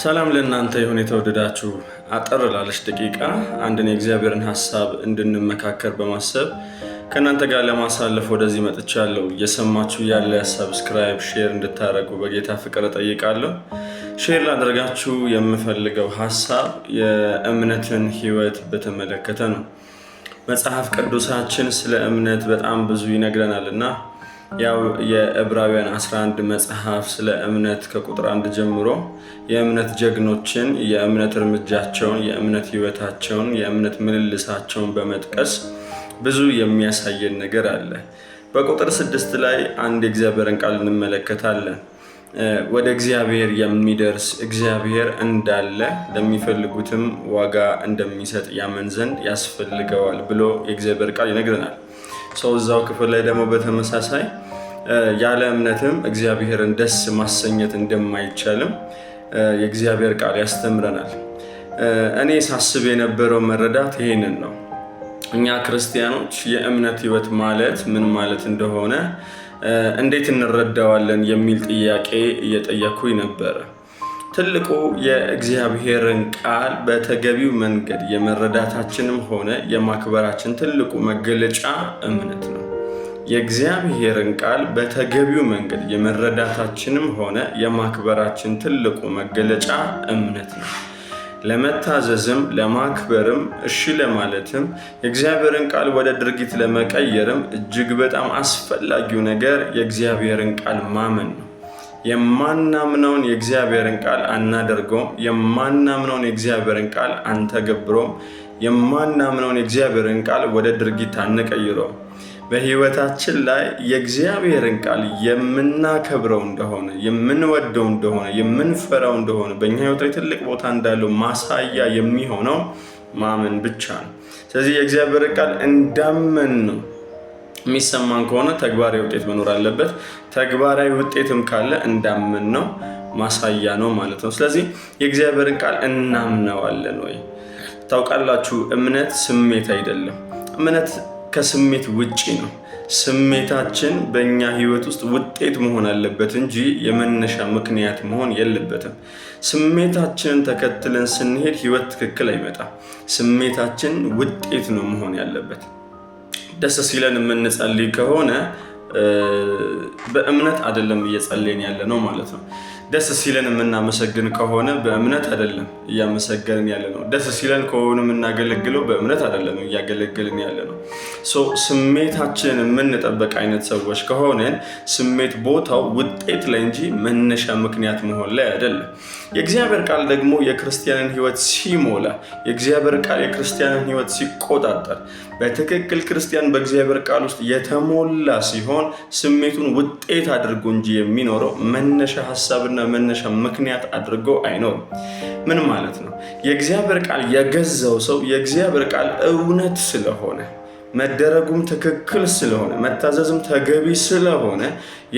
ሰላም ለእናንተ ይሁን። የተወደዳችሁ አጠር ላለች ደቂቃ አንድን የእግዚአብሔርን ሀሳብ እንድንመካከር በማሰብ ከእናንተ ጋር ለማሳለፍ ወደዚህ መጥቻለሁ። እየሰማችሁ ያለ ሰብስክራይብ፣ ሼር እንድታደርጉ በጌታ ፍቅር እጠይቃለሁ። ሼር ላደርጋችሁ የምፈልገው ሀሳብ የእምነትን ህይወት በተመለከተ ነው። መጽሐፍ ቅዱሳችን ስለ እምነት በጣም ብዙ ይነግረናል እና ያው የዕብራውያን 11 መጽሐፍ ስለ እምነት ከቁጥር አንድ ጀምሮ የእምነት ጀግኖችን፣ የእምነት እርምጃቸውን፣ የእምነት ህይወታቸውን የእምነት ምልልሳቸውን በመጥቀስ ብዙ የሚያሳየን ነገር አለ። በቁጥር ስድስት ላይ አንድ የእግዚአብሔርን ቃል እንመለከታለን። ወደ እግዚአብሔር የሚደርስ እግዚአብሔር እንዳለ ለሚፈልጉትም ዋጋ እንደሚሰጥ ያመን ዘንድ ያስፈልገዋል ብሎ የእግዚአብሔር ቃል ይነግረናል። ሰው እዛው ክፍል ላይ ደግሞ በተመሳሳይ ያለ እምነትም እግዚአብሔርን ደስ ማሰኘት እንደማይቻልም የእግዚአብሔር ቃል ያስተምረናል። እኔ ሳስብ የነበረው መረዳት ይሄንን ነው። እኛ ክርስቲያኖች የእምነት ሕይወት ማለት ምን ማለት እንደሆነ እንዴት እንረዳዋለን የሚል ጥያቄ እየጠየኩኝ ነበረ። ትልቁ የእግዚአብሔርን ቃል በተገቢው መንገድ የመረዳታችንም ሆነ የማክበራችን ትልቁ መገለጫ እምነት ነው። የእግዚአብሔርን ቃል በተገቢው መንገድ የመረዳታችንም ሆነ የማክበራችን ትልቁ መገለጫ እምነት ነው። ለመታዘዝም ለማክበርም እሺ ለማለትም የእግዚአብሔርን ቃል ወደ ድርጊት ለመቀየርም እጅግ በጣም አስፈላጊው ነገር የእግዚአብሔርን ቃል ማመን ነው። የማናምነውን የእግዚአብሔርን ቃል አናደርገውም። የማናምነውን የእግዚአብሔርን ቃል አንተገብሮም። የማናምነውን የእግዚአብሔርን ቃል ወደ ድርጊት አንቀይረውም። በህይወታችን ላይ የእግዚአብሔርን ቃል የምናከብረው እንደሆነ የምንወደው እንደሆነ የምንፈራው እንደሆነ በእኛ ህይወት ላይ ትልቅ ቦታ እንዳለው ማሳያ የሚሆነው ማመን ብቻ ነው። ስለዚህ የእግዚአብሔርን ቃል እንዳመን ነው የሚሰማን ከሆነ ተግባራዊ ውጤት መኖር አለበት። ተግባራዊ ውጤትም ካለ እንዳምን ነው ማሳያ ነው ማለት ነው። ስለዚህ የእግዚአብሔርን ቃል እናምነዋለን ወይ? ታውቃላችሁ፣ እምነት ስሜት አይደለም። እምነት ከስሜት ውጪ ነው። ስሜታችን በእኛ ህይወት ውስጥ ውጤት መሆን አለበት እንጂ የመነሻ ምክንያት መሆን የለበትም። ስሜታችንን ተከትለን ስንሄድ ህይወት ትክክል አይመጣም። ስሜታችን ውጤት ነው መሆን ያለበት። ደስ ሲለን የምንጸልይ ከሆነ በእምነት አይደለም እየጸለይን ያለ ነው ማለት ነው። ደስ ሲለን የምናመሰግን ከሆነ በእምነት አይደለም እያመሰገንን ያለ ነው። ደስ ሲለን ከሆነ የምናገለግለው በእምነት አይደለም እያገለግልን ያለ ነው። ስሜታችንን የምንጠበቅ አይነት ሰዎች ከሆነን ስሜት ቦታው ውጤት ላይ እንጂ መነሻ ምክንያት መሆን ላይ አይደለም። የእግዚአብሔር ቃል ደግሞ የክርስቲያንን ሕይወት ሲሞላ፣ የእግዚአብሔር ቃል የክርስቲያንን ሕይወት ሲቆጣጠር፣ በትክክል ክርስቲያን በእግዚአብሔር ቃል ውስጥ የተሞላ ሲሆን ስሜቱን ውጤት አድርጎ እንጂ የሚኖረው መነሻ ሀሳብና መነሻ ምክንያት አድርጎ አይኖርም። ምን ማለት ነው? የእግዚአብሔር ቃል የገዛው ሰው የእግዚአብሔር ቃል እውነት ስለሆነ መደረጉም ትክክል ስለሆነ መታዘዝም ተገቢ ስለሆነ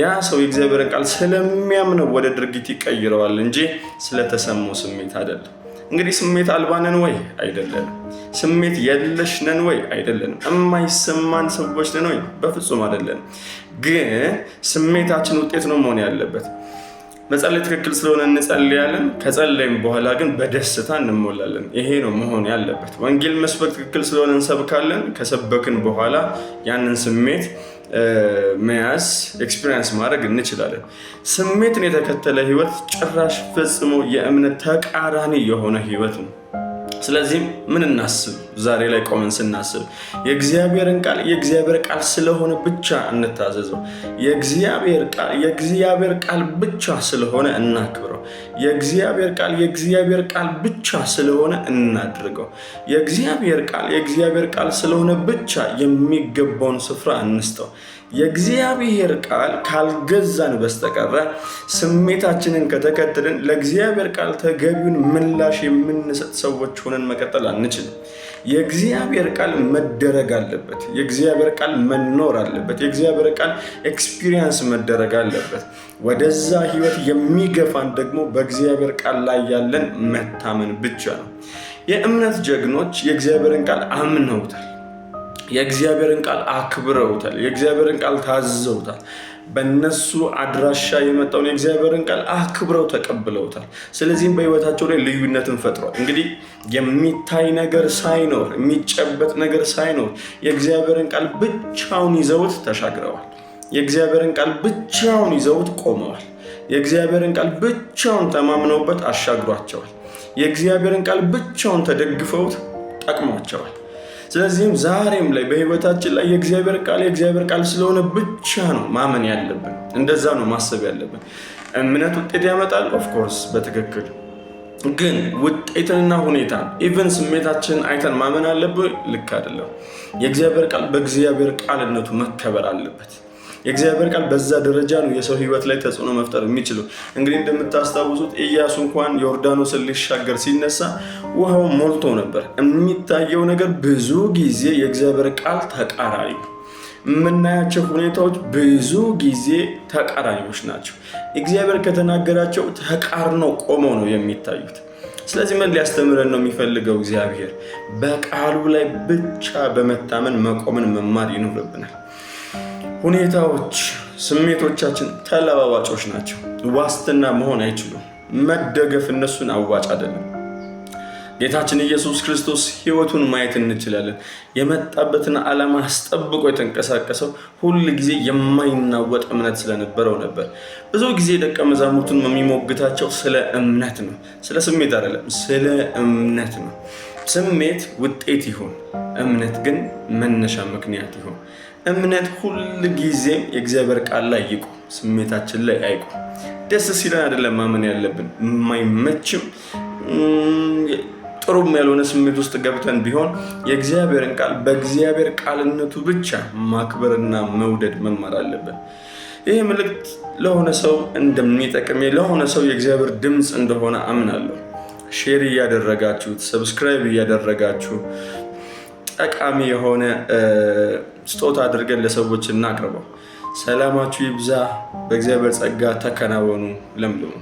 ያ ሰው የእግዚአብሔርን ቃል ስለሚያምነው ወደ ድርጊት ይቀይረዋል እንጂ ስለተሰማው ስሜት አይደለም። እንግዲህ ስሜት አልባ ነን ወይ? አይደለንም። ስሜት የለሽ ነን ወይ? አይደለንም። የማይሰማን ሰዎች ነን ወይ? በፍጹም አይደለንም። ግን ስሜታችን ውጤት ነው መሆን ያለበት መጸለይ ትክክል ስለሆነ እንጸልያለን። ከጸለይም በኋላ ግን በደስታ እንሞላለን። ይሄ ነው መሆን ያለበት። ወንጌል መስበክ ትክክል ስለሆነ እንሰብካለን። ከሰበክን በኋላ ያንን ስሜት መያዝ ኤክስፒሪንስ ማድረግ እንችላለን። ስሜትን የተከተለ ህይወት ጭራሽ ፈጽሞ የእምነት ተቃራኒ የሆነ ህይወት ነው። ስለዚህም ምን እናስብ? ዛሬ ላይ ቆመን ስናስብ የእግዚአብሔርን ቃል የእግዚአብሔር ቃል ስለሆነ ብቻ እንታዘዘው። የእግዚአብሔር ቃል የእግዚአብሔር ቃል ብቻ ስለሆነ እናክብረው። የእግዚአብሔር ቃል የእግዚአብሔር ቃል ብቻ ስለሆነ እናድርገው። የእግዚአብሔር ቃል የእግዚአብሔር ቃል ስለሆነ ብቻ የሚገባውን ስፍራ እንስጠው። የእግዚአብሔር ቃል ካልገዛን በስተቀረ ስሜታችንን ከተከተልን ለእግዚአብሔር ቃል ተገቢውን ምላሽ የምንሰጥ ሰዎች ሆነን መቀጠል አንችልም። የእግዚአብሔር ቃል መደረግ አለበት። የእግዚአብሔር ቃል መኖር አለበት። የእግዚአብሔር ቃል ኤክስፒሪየንስ መደረግ አለበት። ወደዛ ህይወት የሚገፋን ደግሞ በእግዚአብሔር ቃል ላይ ያለን መታመን ብቻ ነው። የእምነት ጀግኖች የእግዚአብሔርን ቃል አምነውታል። የእግዚአብሔርን ቃል አክብረውታል። የእግዚአብሔርን ቃል ታዝዘውታል። በእነሱ አድራሻ የመጣውን የእግዚአብሔርን ቃል አክብረው ተቀብለውታል። ስለዚህም በሕይወታቸው ላይ ልዩነትን ፈጥሯል። እንግዲህ የሚታይ ነገር ሳይኖር የሚጨበጥ ነገር ሳይኖር የእግዚአብሔርን ቃል ብቻውን ይዘውት ተሻግረዋል። የእግዚአብሔርን ቃል ብቻውን ይዘውት ቆመዋል። የእግዚአብሔርን ቃል ብቻውን ተማምነውበት አሻግሯቸዋል። የእግዚአብሔርን ቃል ብቻውን ተደግፈውት ጠቅሟቸዋል። ስለዚህም ዛሬም ላይ በህይወታችን ላይ የእግዚአብሔር ቃል የእግዚአብሔር ቃል ስለሆነ ብቻ ነው ማመን ያለብን። እንደዛ ነው ማሰብ ያለብን። እምነት ውጤት ያመጣል። ኦፍኮርስ በትክክል ግን ውጤትንና ሁኔታን ኢቨን ስሜታችንን አይተን ማመን አለብን። ልክ አይደለም። የእግዚአብሔር ቃል በእግዚአብሔር ቃልነቱ መከበር አለበት። የእግዚአብሔር ቃል በዛ ደረጃ ነው የሰው ህይወት ላይ ተጽዕኖ መፍጠር የሚችለው። እንግዲህ እንደምታስታውሱት ኢያሱ እንኳን ዮርዳኖስን ሊሻገር ሲነሳ ውሃው ሞልቶ ነበር። የሚታየው ነገር ብዙ ጊዜ የእግዚአብሔር ቃል ተቃራኒ ነው። የምናያቸው ሁኔታዎች ብዙ ጊዜ ተቃራኒዎች ናቸው። እግዚአብሔር ከተናገራቸው ተቃርነው ቆመው ነው የሚታዩት። ስለዚህ ምን ሊያስተምረን ነው የሚፈልገው? እግዚአብሔር በቃሉ ላይ ብቻ በመታመን መቆምን መማር ይኖርብናል። ሁኔታዎች፣ ስሜቶቻችን ተለባባጮች ናቸው። ዋስትና መሆን አይችሉም። መደገፍ እነሱን አዋጭ አይደለም። ጌታችን ኢየሱስ ክርስቶስ ሕይወቱን ማየት እንችላለን። የመጣበትን ዓላማ አስጠብቆ የተንቀሳቀሰው ሁል ጊዜ የማይናወጥ እምነት ስለነበረው ነበር። ብዙ ጊዜ ደቀ መዛሙርቱን የሚሞግታቸው ስለ እምነት ነው፣ ስለ ስሜት አይደለም፣ ስለ እምነት ነው። ስሜት ውጤት ይሁን፣ እምነት ግን መነሻ ምክንያት ይሁን። እምነት ሁል ጊዜም የእግዚአብሔር ቃል ላይ ይቁ፣ ስሜታችን ላይ አይቁ ደስ ሲለን አይደለም ማመን ያለብን። የማይመችም ጥሩም ያልሆነ ስሜት ውስጥ ገብተን ቢሆን የእግዚአብሔርን ቃል በእግዚአብሔር ቃልነቱ ብቻ ማክበርና መውደድ መማር አለብን። ይህ ምልክት ለሆነ ሰው እንደሚጠቅም ለሆነ ሰው የእግዚአብሔር ድምፅ እንደሆነ አምናለሁ። ሼር እያደረጋችሁ ሰብስክራይብ እያደረጋችሁ ጠቃሚ የሆነ ስጦታ አድርገን ለሰዎች እናቅርበው። ሰላማችሁ ይብዛ፣ በእግዚአብሔር ጸጋ ተከናወኑ፣ ለምልሙ።